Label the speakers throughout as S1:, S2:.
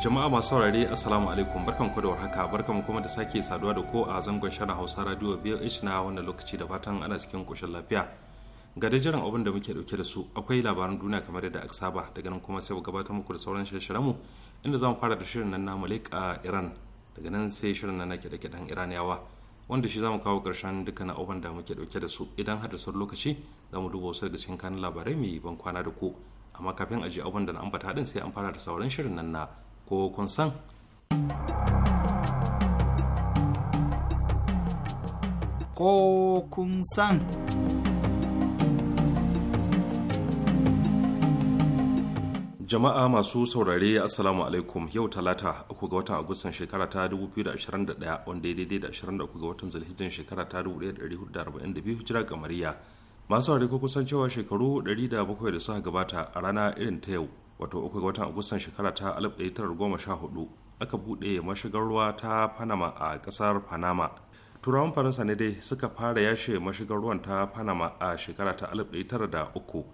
S1: jama'a masu saurare assalamu alaikum barkan ku da warhaka barkan kuma da sake saduwa da ko a zangon shirin hausa radio voh na wannan lokaci da fatan ana cikin koshin lafiya ga da jiran abin da muke dauke da su akwai labaran duniya kamar yadda aka saba daga nan kuma sai mu gabatar muku da sauran shirye mu inda zamu fara da shirin nan namu leƙa ah, iran daga nan sai shirin nan na kiɗe-kiɗen iraniyawa wanda shi zamu kawo ƙarshen dukkanin abin da muke dauke da su idan har da sauran lokaci zamu duba wasu daga cikin kan labarai mai ban kwana da ku amma kafin a ji abin da na ambata din sai an fara da sauran shirin nan na ko kun san
S2: ko kun san
S1: jama'a masu saurare assalamu alaikum yau talata uku ga watan agustan shekara ta 2021 wanda ya daidai da 23 ga watan zulhijjin shekara ta 1442 hijira kamariya masu saurare ko kusan cewa shekaru 107 da suka gabata a rana irin ta yau wato uku ga watan agustan shekara ta 1914 aka buɗe mashigar ruwa ta panama a ƙasar panama turawan faransa ne dai suka fara yashe mashigar ruwan ta panama a shekara ta 1903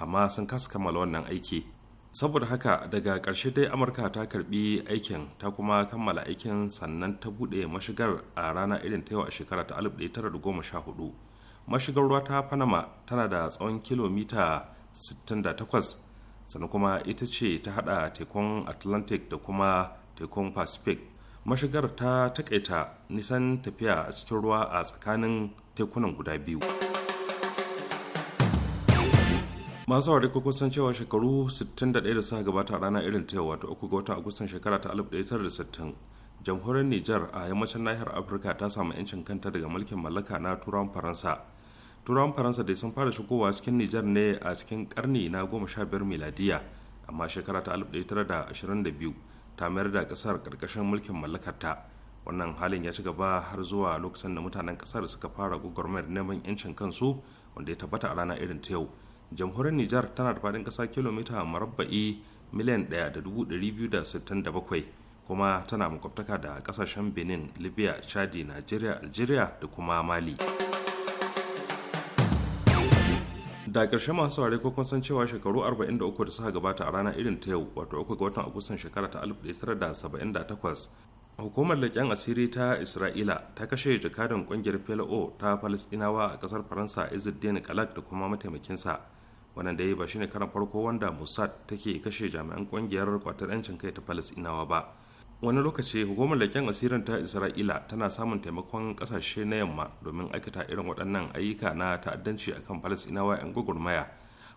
S1: amma sun kasa kammala wannan aiki saboda haka daga ƙarshe dai amurka ta karbi aikin ta kuma kammala aikin sannan ta buɗe mashigar a rana irin ta yau a shekara ta 1914 mashigar ruwa ta panama tana da tsawon kilomita 68 sannan kuma ita ce ta hada tekun atlantic da kuma tekun pacific mashigar ta takaita nisan tafiya a cikin ruwa a tsakanin tekunan guda biyu masu wari ko kusan cewa shekaru 61 da suka gabata a ranar irin ta wato uku ga watan agustan shekara ta 1960 jamhuriyar niger a yammacin nahiyar afirka ta samu 'yancin kanta daga mulkin mallaka na turawan faransa turawan faransa dai sun fara shigowa cikin nijar ne a cikin karni na 15 miladiya amma shekara ta 1922 ta mayar da kasar karkashin mulkin mallakarta wannan halin ya ci gaba har zuwa lokacin da mutanen kasar suka fara gwagwarmayar neman yancin kansu wanda ya tabbata a rana irin ta yau jamhuriyar nijar tana da faɗin ƙasa kilomita marabba'i miliyan bakwai kuma tana makwabtaka da ƙasashen benin libya chadi nigeria algeria da kuma mali. da ƙarshe masu saurare ko kun san cewa shekaru 43 da suka gabata a rana irin ta yau wato uku ga watan agustan shekara ta 1978 hukumar leƙen asiri ta isra'ila ta kashe jakadan ƙungiyar plo ta falastinawa a ƙasar faransa izzuddin kalak da kuma mataimakinsa wannan da ya ba shine karan farko wanda mossad take kashe jami'an ƙungiyar kwatar 'yancin kai ta falastinawa ba wani lokaci hukumar leken asirin ta isra'ila tana samun taimakon ƙasashe na yamma domin aikata irin waɗannan ayyuka na ta'addanci a kan falasinawa 'yan gwagwarmaya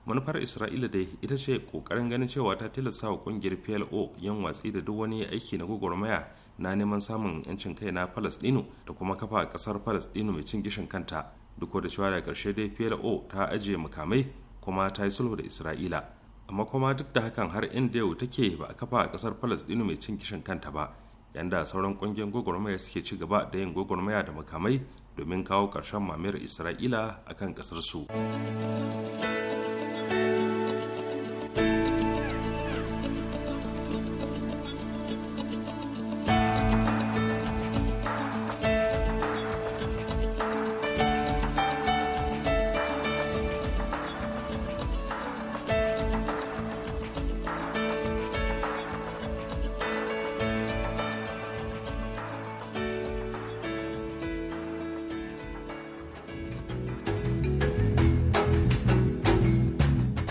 S1: manufar isra'ila dai ita ce ƙoƙarin ganin cewa ta tilasta wa ƙungiyar plo yin watsi da duk wani aiki na gwagwarmaya na neman samun 'yancin kai na falasɗinu da kuma kafa ƙasar falasɗinu mai cin gishin kanta duk da cewa da ƙarshe dai plo ta ajiye makamai kuma ta yi sulhu da isra'ila amma kuma duk da hakan har inda yau take ba a kafa a kasar dinu mai cin kishin kanta ba yanda sauran kungiyar gwagwarmaya suke ci gaba da yin gwagwarmaya da makamai domin kawo ƙarshen mamayar isra'ila a kan ƙasarsu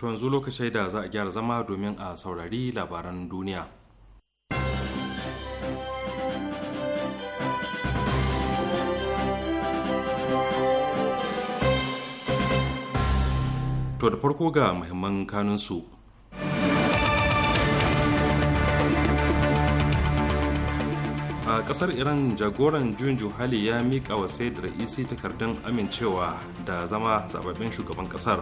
S1: To yanzu lokacin da za a gyara zama domin a saurari labaran duniya. To da farko ga muhimman kanunsu. A kasar Iran jagoran juyin juhali ya miƙa wa da raisi takardun amincewa da zama zababin shugaban kasar.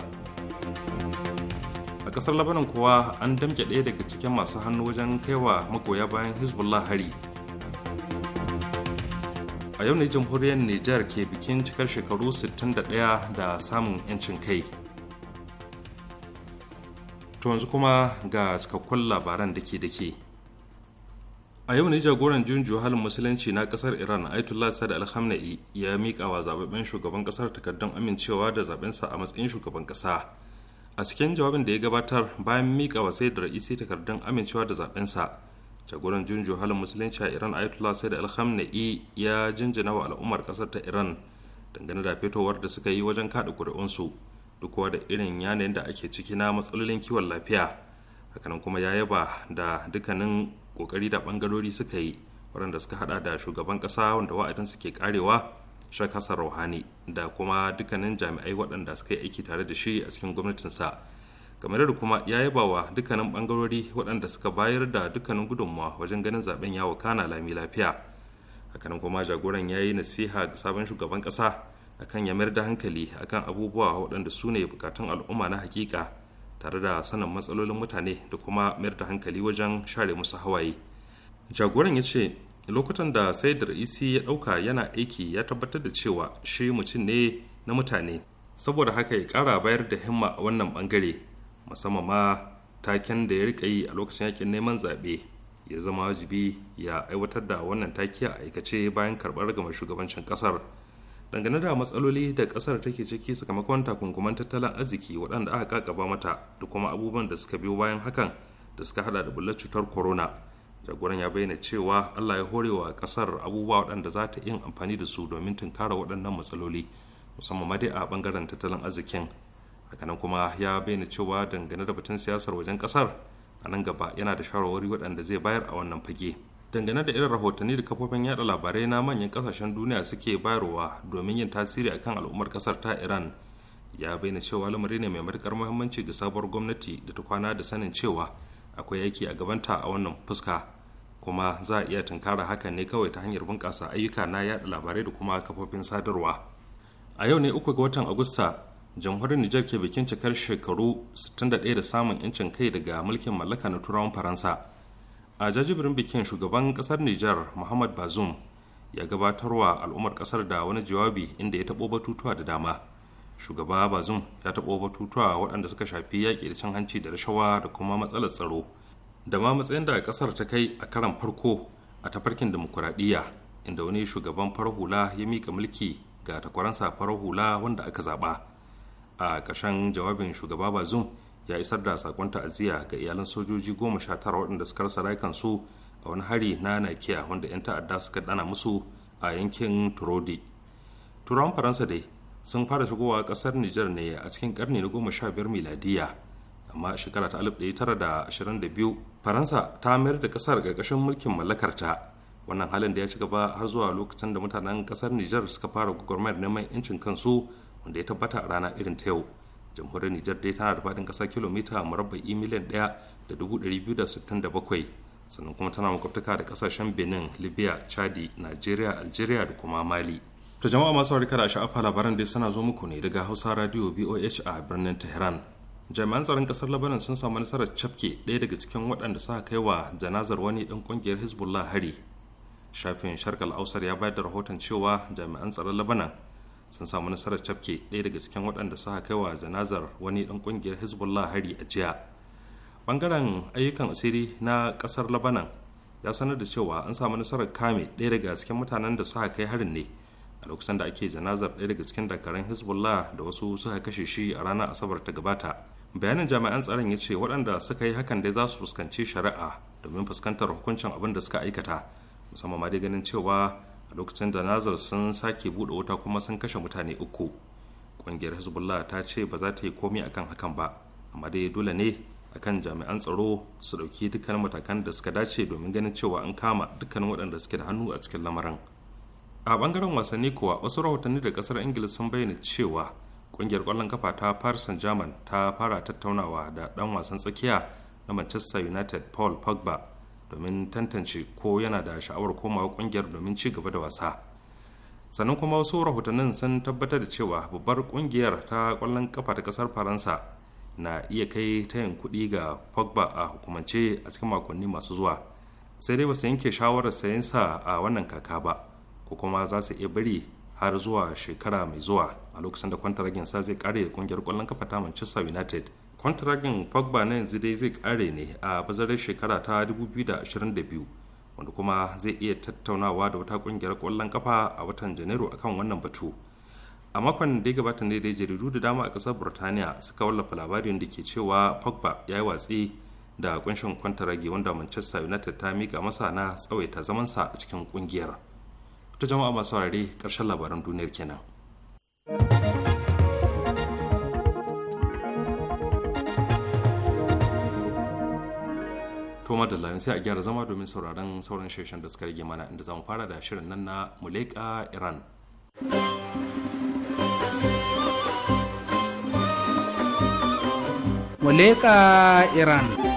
S1: kasar labanan kuwa an damke ɗaya daga cikin masu hannu wajen kaiwa magoya bayan hezbollah hari a yau ne jamhuriyar niger ke bikin cikar shekaru 61 da samun 'yancin kai to yanzu kuma ga cikakkun labaran da ke da ke a yau ne jagoran junju halin musulunci na kasar iran ayatollah sad al ya miƙa wa zababben shugaban kasar takardun amincewa da zaɓensa a matsayin shugaban kasa a cikin jawabin da ya gabatar bayan mika wasai da ra'isi takardun amincewa da zaɓensa jagoran junjo halin musulunci a iran ayatollah sai da alhamna'i ya jinjina wa al'ummar ƙasar ta iran dangane da fitowar da suka yi wajen kaɗa ƙuri'unsu duk da irin yanayin da ake ciki na matsalolin kiwon lafiya hakanan kuma ya yaba da dukkanin ƙoƙari da ɓangarori suka yi waɗanda suka haɗa da shugaban ƙasa wanda wa'adinsa ke ƙarewa Shakasa hassan da kuma dukkanin jami'ai waɗanda suka yi aiki tare da shi a cikin gwamnatinsa kamar da kuma ya yi bawa dukkanin bangarori waɗanda suka bayar da dukkanin gudunmawa wajen ganin zaben ya wakana lami lafiya hakanan kuma jagoran ya yi nasiha ga sabon shugaban ƙasa akan ya mayar da hankali akan abubuwa waɗanda su ne bukatun al'umma na hakika tare da sanin matsalolin mutane da kuma mayar da hankali wajen share musu hawaye jagoran ya ce da lokutan da saidar isi ya ɗauka yana aiki ya tabbatar da cewa shi mutum ne na mutane saboda haka ya ƙara bayar da himma a wannan bangare musamman ma taken da ya rika yi a lokacin yakin neman zaɓe ya zama wajibi ya aiwatar da wannan take a aikace bayan karɓar gama shugabancin ƙasar dangane da matsaloli da ƙasar take ciki sakamakon takunkuman tattalin arziki waɗanda aka kakaba mata da kuma abubuwan da suka biyo bayan hakan da suka hada da bullar cutar corona jagoran ya bayyana cewa allah ya hore wa kasar abubuwa waɗanda za ta yin amfani da su domin tunkara waɗannan matsaloli musamman ma dai a bangaren tattalin arzikin hakanan kuma ya bayyana cewa dangane da batun siyasar wajen kasar a nan gaba yana da shawarwari waɗanda zai bayar a wannan fage dangane da irin rahotanni da kafofin yada labarai na manyan kasashen duniya suke bayarwa domin yin tasiri akan al'ummar kasar ta iran ya bayyana cewa lamari ne mai matuƙar muhimmanci ga sabuwar gwamnati da ta kwana da sanin cewa akwai aiki a gabanta a wannan fuska kuma za a iya tunkara hakan ne kawai ta hanyar bunƙasa ayyuka na yaɗa labarai da kuma kafofin sadarwa a yau ne uku ga watan agusta jamhuriyar nijar ke bikin cikar shekaru 61 da samun 'yancin kai daga mulkin mallaka na turawan faransa a jajibirin bikin shugaban kasar nijar muhammad bazoum ya gabatarwa al'ummar kasar da wani jawabi inda ya taɓo batutuwa da dama shugaba bazum ya taɓo batutuwa waɗanda suka shafi yaƙi da cin hanci da rashawa da kuma matsalar tsaro da ma matsayin da ƙasar ta kai a karan farko a tafarkin demokuraɗiyya inda wani shugaban farar hula ya mika mulki ga takwaransa farar hula wanda aka zaɓa a ƙarshen jawabin shugaba bazum ya isar da saƙon ta'aziyya ga iyalan sojoji goma sha tara waɗanda suka rasa rayukansu a wani hari na nakiya wanda 'yan ta'adda suka ɗana musu a yankin turodi turawan faransa dai sun fara shigowa kasar Nijar ne a cikin karni na goma sha biyar miladiya amma shekara ta alif tara da da ashirin biyu. faransa ta mayar da kasar ƙarƙashin mulkin mallakarta wannan halin da ya ci gaba har zuwa lokacin da mutanen kasar nijar suka fara gwagwarmayar neman yancin kansu wanda ya tabbata a rana irin ta yau jamhuriyar nijar dai tana da faɗin ƙasa kilomita murabba'i miliyan ɗaya da dubu ɗari biyu da sittin da bakwai sannan kuma tana makwabtaka da ƙasashen benin libya chadi nigeria algeria da kuma mali To jama'a masu harika da sha'afa labaran dai suna zo muku ne daga Hausa Radio BOH a birnin Tehran. Jami'an tsaron kasar Labaran sun samu nasarar cafke ɗaya daga cikin waɗanda suka kai wa janazar wani ɗan ƙungiyar Hezbollah hari. Shafin Sharkal Ausar ya bayar da rahoton cewa jami'an tsaron labanan sun samu nasarar cafke ɗaya daga cikin waɗanda suka kai wa janazar wani ɗan ƙungiyar Hezbollah hari a jiya. Bangaren ayyukan asiri na ƙasar labanan ya sanar da cewa an samu nasarar kame ɗaya daga cikin mutanen da suka kai harin ne. a lokacin da ake janazar ɗaya daga cikin dakarun hezbollah da wasu suka kashe shi a ranar asabar ta gabata bayanin jami'an tsaron ya ce waɗanda suka yi hakan dai za su fuskanci shari'a domin fuskantar hukuncin abin da suka aikata musamman ma dai ganin cewa a lokacin janazar sun sake buɗe wuta kuma sun kashe mutane uku ƙungiyar hezbollah ta ce ba za ta yi komai akan hakan ba amma dai dole ne akan jami'an tsaro su ɗauki dukkan matakan da suka dace domin ganin cewa an kama dukkan waɗanda suke da hannu a cikin lamarin a bangaren wasanni kuwa wasu rahotanni da kasar ingila sun bayyana cewa kungiyar kwallon kafa ta paris saint german ta fara tattaunawa da dan wasan tsakiya na manchester united paul pogba domin tantance ko yana da sha'awar komawa kungiyar domin ci gaba da wasa sannan kuma wasu rahotannin sun tabbatar da cewa babbar kungiyar ta kwallon kafa ta kasar faransa na iya kai tayin kuɗi ga pogba a hukumance a cikin makonni masu zuwa sai dai ba su yanke shawarar sayensa a wannan kaka ba ko kuma za su iya bari har zuwa shekara mai zuwa a lokacin da kwantaragin sa zai kare da kungiyar kwallon kafa ta manchester united kwantaragin pogba na yanzu dai zai kare ne a bazarar shekara ta 2022 wanda kuma zai iya tattaunawa da wata kungiyar kwallon kafa a watan janairu akan wannan batu a makon da ya gabata ne dai jaridu da dama a kasar burtaniya suka wallafa labarin da ke cewa pogba ya yi watsi da kunshin kwantaragi wanda manchester united ta mika masa na tsawaita sa a cikin kungiyar ta jama'a masu saurari ƙarshen labaran duniyar kenan. da lamin sai a gyara zama domin sauraron sauran sheshen da suka rage mana inda zamu fara da shirin nan na Muleka Iran.
S3: Muleka
S1: Iran.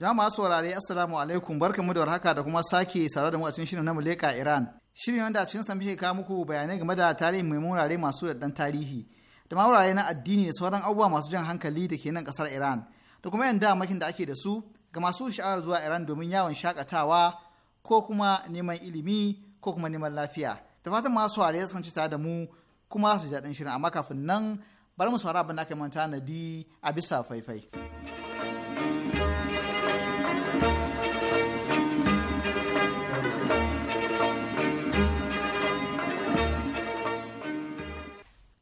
S2: masu saurare Assalamu alaikum barkamu da warhaka da kuma sake sare da mu a cikin shirin na Muleka Iran. Shirin wanda a cikin sa muke kawo muku bayanai game da tarihi mai murare masu daddan tarihi da ma wurare na addini da sauran abubuwa masu jan hankali da ke nan kasar Iran da kuma yan makin da ake da su ga masu sha'awar zuwa Iran domin yawon shakatawa ko kuma neman ilimi ko kuma neman lafiya. Da fatan masu saurare sun ci tare da mu kuma su ji daɗin shirin amma kafin nan bari mu saurara abin da aka manta na di a bisa faifai.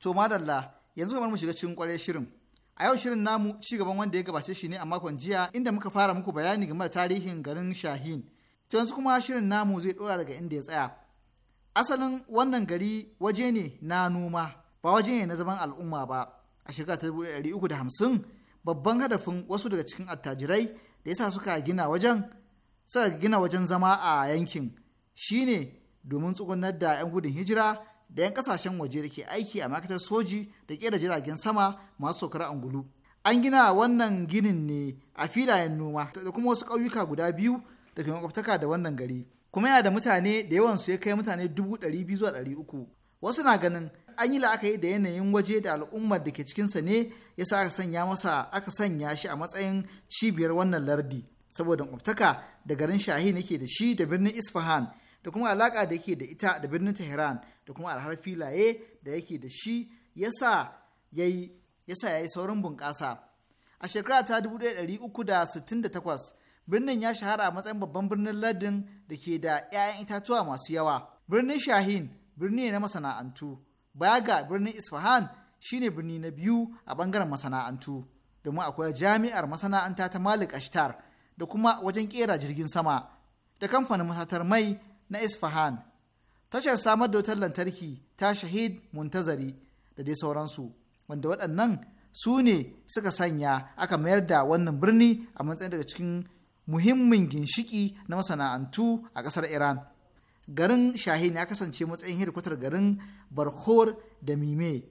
S2: To madalla yanzu kamar mu shiga cikin kwarai shirin. A yau shirin namu ci gaban wanda ya gabace shi ne a makon jiya inda muka fara muku bayani game da tarihin garin Shahin. To yanzu kuma shirin namu zai ɗora daga inda ya tsaya. Asalin wannan gari waje ne na noma ba waje ne na zaman al'umma ba. A shekara ta uku da hamsin babban hadafin wasu daga cikin attajirai da yasa suka gina wajen suka gina wajen zama a yankin shine domin tsugunar da 'yan gudun hijira da 'yan kasashen waje da ke aiki a ma'aikatar soji da kera jiragen sama masu saukar angulu. An gina wannan ginin ne a filayen noma da kuma wasu ƙauyuka guda biyu da ke makwabtaka da wannan gari. Kuma yana da mutane da yawan su ya kai mutane dubu ɗari biyu zuwa ɗari uku. Wasu na ganin an yi la'akari da yanayin waje da al'ummar da ke cikinsa ne ya sa aka sanya masa aka sanya shi a matsayin cibiyar wannan lardi. Saboda makwabtaka da garin Shahin yake da shi da birnin Isfahan da kuma alaka da yake da ita da birnin Tehran da kuma alhar filaye da yake da shi yasa ya yi saurin bunƙasa. A shekara ta 1368 birnin ya shahara a matsayin babban birnin lardin da ke da 'ya'yan itatuwa masu yawa. Birnin Shahin birni ne na masana'antu. Baya ga birnin Isfahan shine birni na biyu a bangaren masana'antu. Domin akwai jami'ar masana'anta ta Malik Ashtar da kuma wajen kera jirgin sama da kamfanin masatar mai na Isfahan, tashar samar da wutar lantarki ta Shahid Muntazari da dai sauransu, wanda waɗannan su ne suka sanya aka mayar da wannan birni a matsayin daga cikin muhimmin ginshiki na masana'antu a ƙasar Iran. Garin Shahin ya kasance matsayin hedikwatar garin Barkhor da Mime,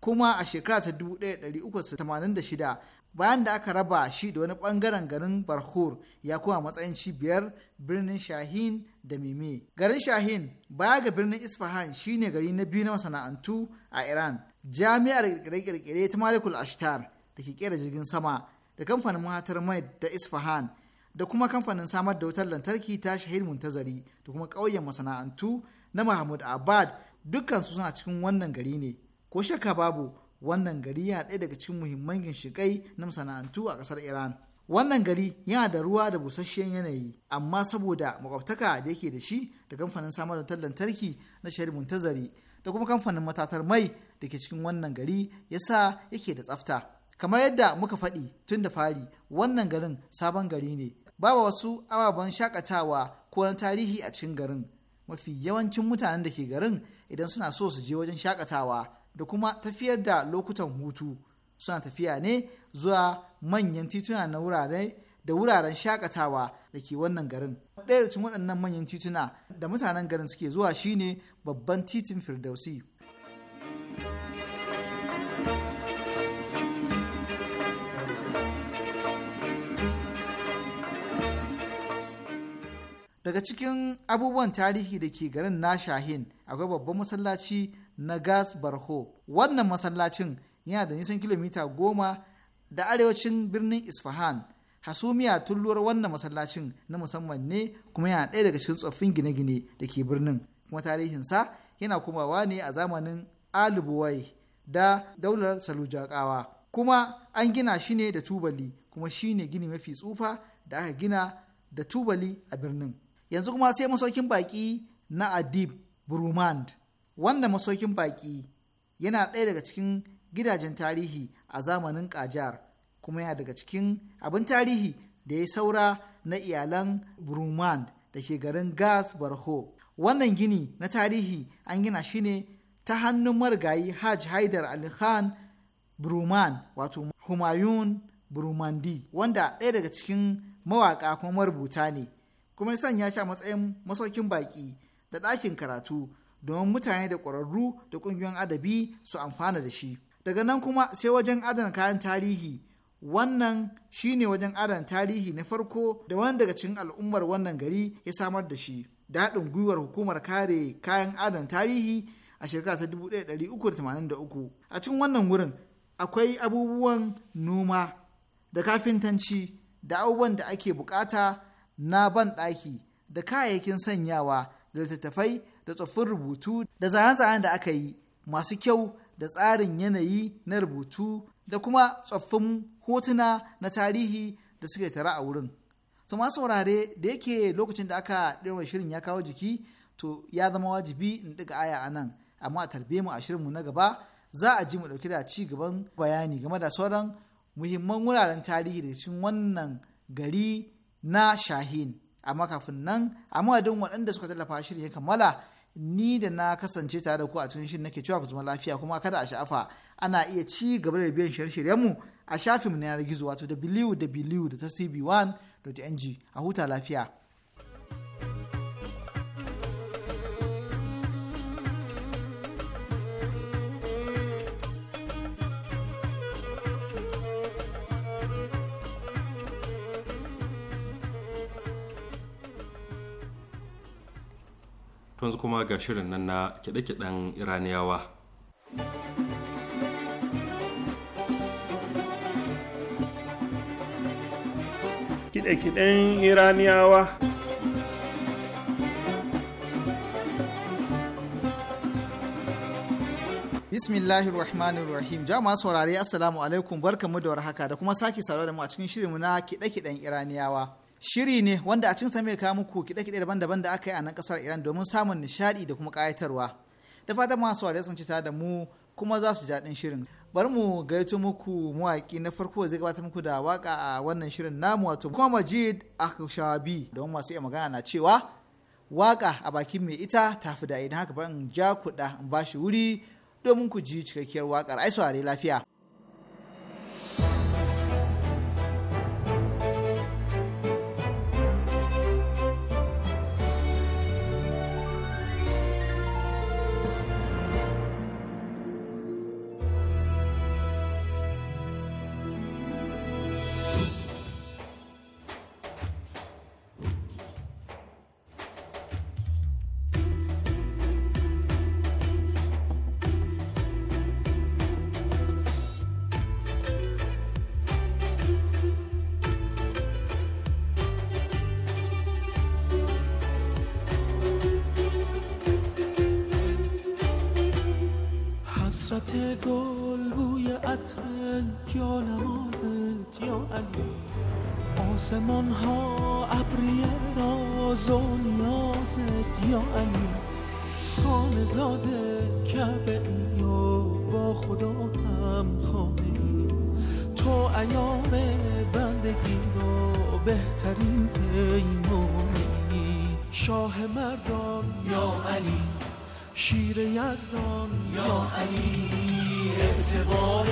S2: kuma a shekara ta 1386 bayan da aka raba shi da wani bangaren garin barhur ya kuma matsayin cibiyar birnin shahin da mimi garin shahin baya ga birnin isfahan shine gari na biyu na masana'antu a iran jami'ar kirkire-kirkire ta malikul ashtar da ke kera jirgin sama da kamfanin mahatar mai da isfahan da kuma kamfanin samar da wutar lantarki ta shahid muntazari da kuma ƙauyen masana'antu na mahmud abad dukkan su suna cikin wannan gari ne ko shakka babu wannan gari yana ɗaya daga cikin muhimman ginshiƙai na masana'antu a ƙasar iran wannan gari yana da ruwa da busasshen yanayi amma saboda makwabtaka da yake da shi da kamfanin samar da tallan lantarki na shari'a muntazari da kuma kamfanin matatar mai da ke cikin wannan gari ya sa yake da tsafta kamar yadda muka faɗi tun da fari wannan garin sabon gari ne babu wasu ababen shakatawa ko na tarihi a cikin garin mafi yawancin mutanen da ke garin idan suna so su je wajen shakatawa da kuma tafiyar da lokutan hutu suna tafiya ne zuwa manyan tituna na wurare da wuraren shakatawa da ke wannan garin ɗaya cikin waɗannan manyan tituna da mutanen garin suke zuwa shine babban titin firdausi daga cikin abubuwan tarihi da ke garin na shahin akwai babban masallaci na gas barho wannan masallacin yana da nisan kilomita goma da arewacin birnin isfahan hasumiya tulluwar wannan masallacin na musamman ne kuma yana ɗaya daga cikin tsoffin gine-gine da ke birnin kuma tarihinsa yana kumawa ne a zamanin alibuwai da daular salujakawa kuma an gina shi ne da tubali kuma shi ne gini mafi tsufa da aka gina da tubali a birnin yanzu kuma sai masaukin baƙi na adib burumand wanda masaukin baƙi yana ɗaya daga cikin gidajen tarihi a zamanin kajar kuma yana daga cikin abin tarihi da ya saura na iyalan Brumand da ke garin Gas Barho. Wannan gini na tarihi an gina shi ne ta hannun marigayi Hajj Haidar Ali Khan Bruman wato Humayun Brumandi wanda ɗaya daga cikin mawaƙa kuma marubuta ne kuma sanya shi a matsayin masaukin baƙi da ɗakin karatu domin mutane da ƙwararru da ƙungiyoyin adabi su amfana da shi daga nan kuma sai wajen adana kayan tarihi wannan shine wajen adana tarihi na farko da wani daga cikin al'ummar wannan gari ya samar da shi da haɗin gwiwar hukumar kare kayan adana tarihi a shekara ta 1383 a cikin wannan wurin akwai abubuwan noma da kafintanci da abubuwan da ake bukata na ban ɗaki da kayayyakin sanyawa da littattafai da tsoffin rubutu da zanen-zanen da aka yi masu kyau da tsarin yanayi na rubutu da kuma tsoffin hotuna na tarihi da yi tara a wurin. To masu saurare da yake lokacin da aka ɗirma shirin ya kawo jiki to ya zama wajibi in ɗiga aya a nan amma tarbe mu a shirinmu na gaba za a ji mu ɗauki da ci gaban bayani game da sauran muhimman wuraren tarihi da cikin wannan gari na Shahin. amma kafin nan a madadin waɗanda suka tallafa shirin ya kammala ni da na kasance tare da ku a cikin shirin nake cewa ku zama lafiya kuma kada a sha'afa ana iya ci gaba da biyan shirye-shiryenmu a shafinmu na yanar gizo wato da da ta www.tcb1.ng a huta lafiya.
S1: yanzu kuma ga shirin nan na kiɗe-kiɗen iraniyawa
S4: kiɗe-kiɗen iraniyawa
S2: Bismillahir Rahmanir Rahim. Jama'a saurare Assalamu alaikum barkamu da warhaka da kuma sake saurare da mu a cikin shirinmu na kiɗe-kiɗen Iraniyawa. shiri ne wanda a cinsa mai kawo muku kiɗe-kiɗe daban-daban da aka yi a nan ƙasar Iran domin samun nishaɗi da kuma ƙayatarwa. Da fatan masu wariya sun ci da mu kuma za su jaɗin daɗin shirin. Bari mu gaito muku mawaƙi na farko zai gabatar muku da waƙa a wannan shirin namu wato kuma Majid Akshabi don masu iya magana na cewa waƙa a bakin mai ita tafi da idan haka bari in ja kuɗa in ba shi wuri domin ku ji cikakkiyar waƙar ai saurare lafiya.
S4: نمازت یا نمازت یا علی آسمان ها ابری راز و نیازت یا علی خانه زاده با خدا هم خانه تو ایار بندگی رو بهترین پیمانی شاه مردان یا علی شیر یزدان یا علی اعتبار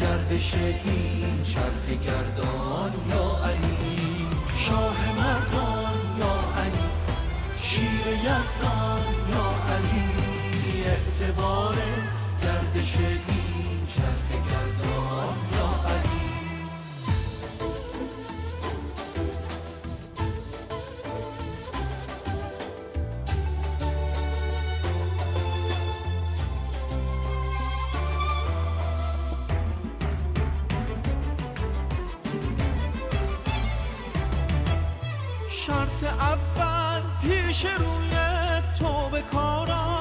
S4: گردش این چرخ گردان یا علی شاه مردان یا علی شیر یزدان یا علی اعتبار گردش این اول پیش روی تو به کارم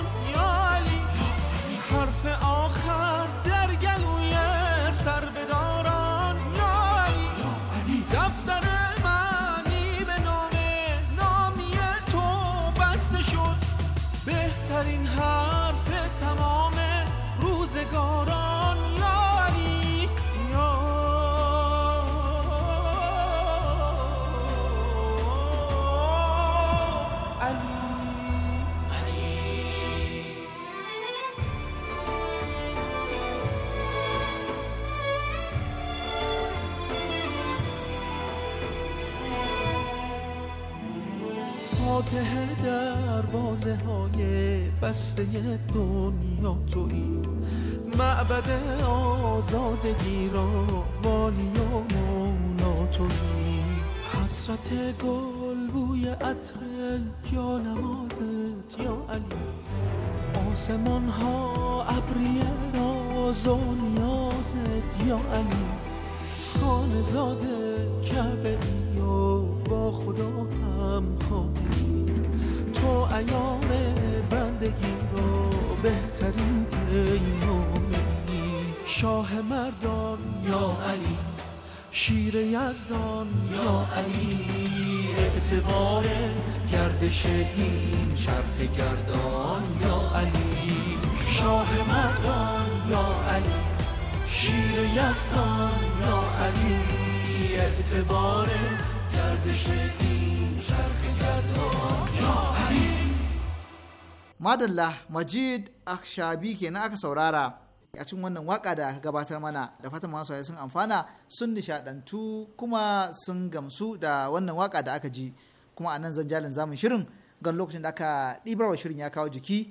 S4: دروازه های بسته دنیا توی معبد آزادگی را والی و مولا تویی حسرت گل بوی عطر یا یا علی آسمان ها ابری راز و نیازت یا علی خانزاده کعبه یا با خدا هم خواهی تو ایام بندگی رو بهترین پیمانی شاه مردان یا علی شیر یزدان یا علی اعتبار گردش این چرخ گردان یا علی شاه مردان یا علی شیر یزدان یا علی اعتبار گردش این چرخ گردان یا علی
S2: madalla majid akshabi kenan aka saurara a cikin wannan waka da gabatar mana da fatan masu sun amfana sun nishadantu kuma sun gamsu da wannan waka da aka ji kuma a nan zan jalin zamun shirin gan lokacin da aka ɗibarwa shirin ya kawo jiki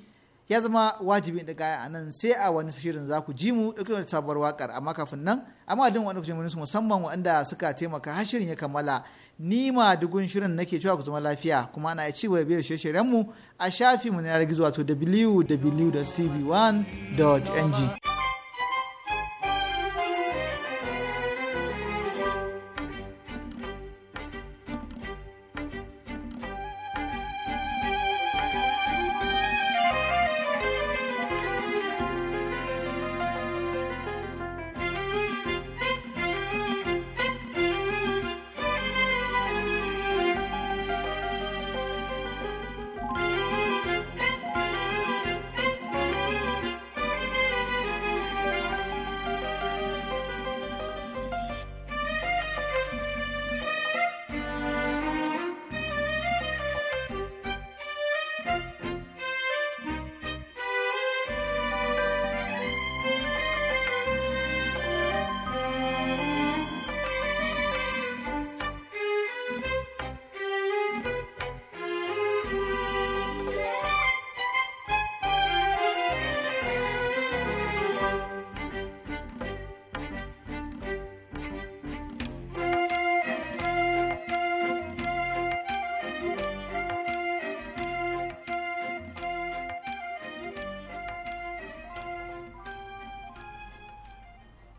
S2: ya zama wajibi da gaya a nan sai a wani shirin za ku ji mu da kuma sabuwar wakar amma kafin nan amma din wani lokacin su musamman wanda suka taimaka har shirin ya kammala ni ma dugun shirin nake cewa ku zama lafiya kuma ana ci gaba biyar shirye-shiryen mu a shafi mu na yar gizo wato www.cb1.ng.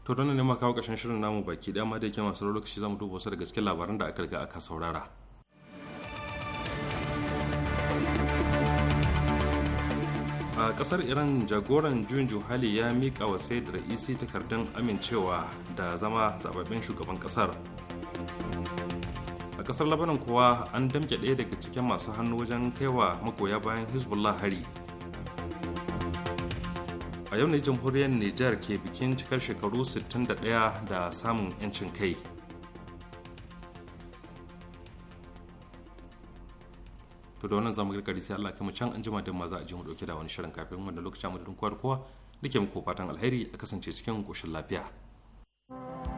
S1: to don ne ma kawo ƙarshen shirin namu baki ɗaya ma da yake masu lokaci zamu duba wasu da gaske labaran da aka riga aka saurara a ƙasar iran jagoran juyin juhali ya mika wa sai da ra'isi takardun amincewa da zama zababben shugaban ƙasar. a ƙasar labanin kuwa an damke ɗaya daga cikin masu hannu wajen kaiwa magoya bayan hezbollah hari a yau ne jamhuriyar nijar ke bikin cikar shekaru 61 da samun 'yancin kai to da wannan zamu gargari sai Allah kama can an jima din ma a ji mu dauki da wani shirin kafin wanda lokacin mu da kowa da ke nake muku fatan alheri a kasance cikin koshin lafiya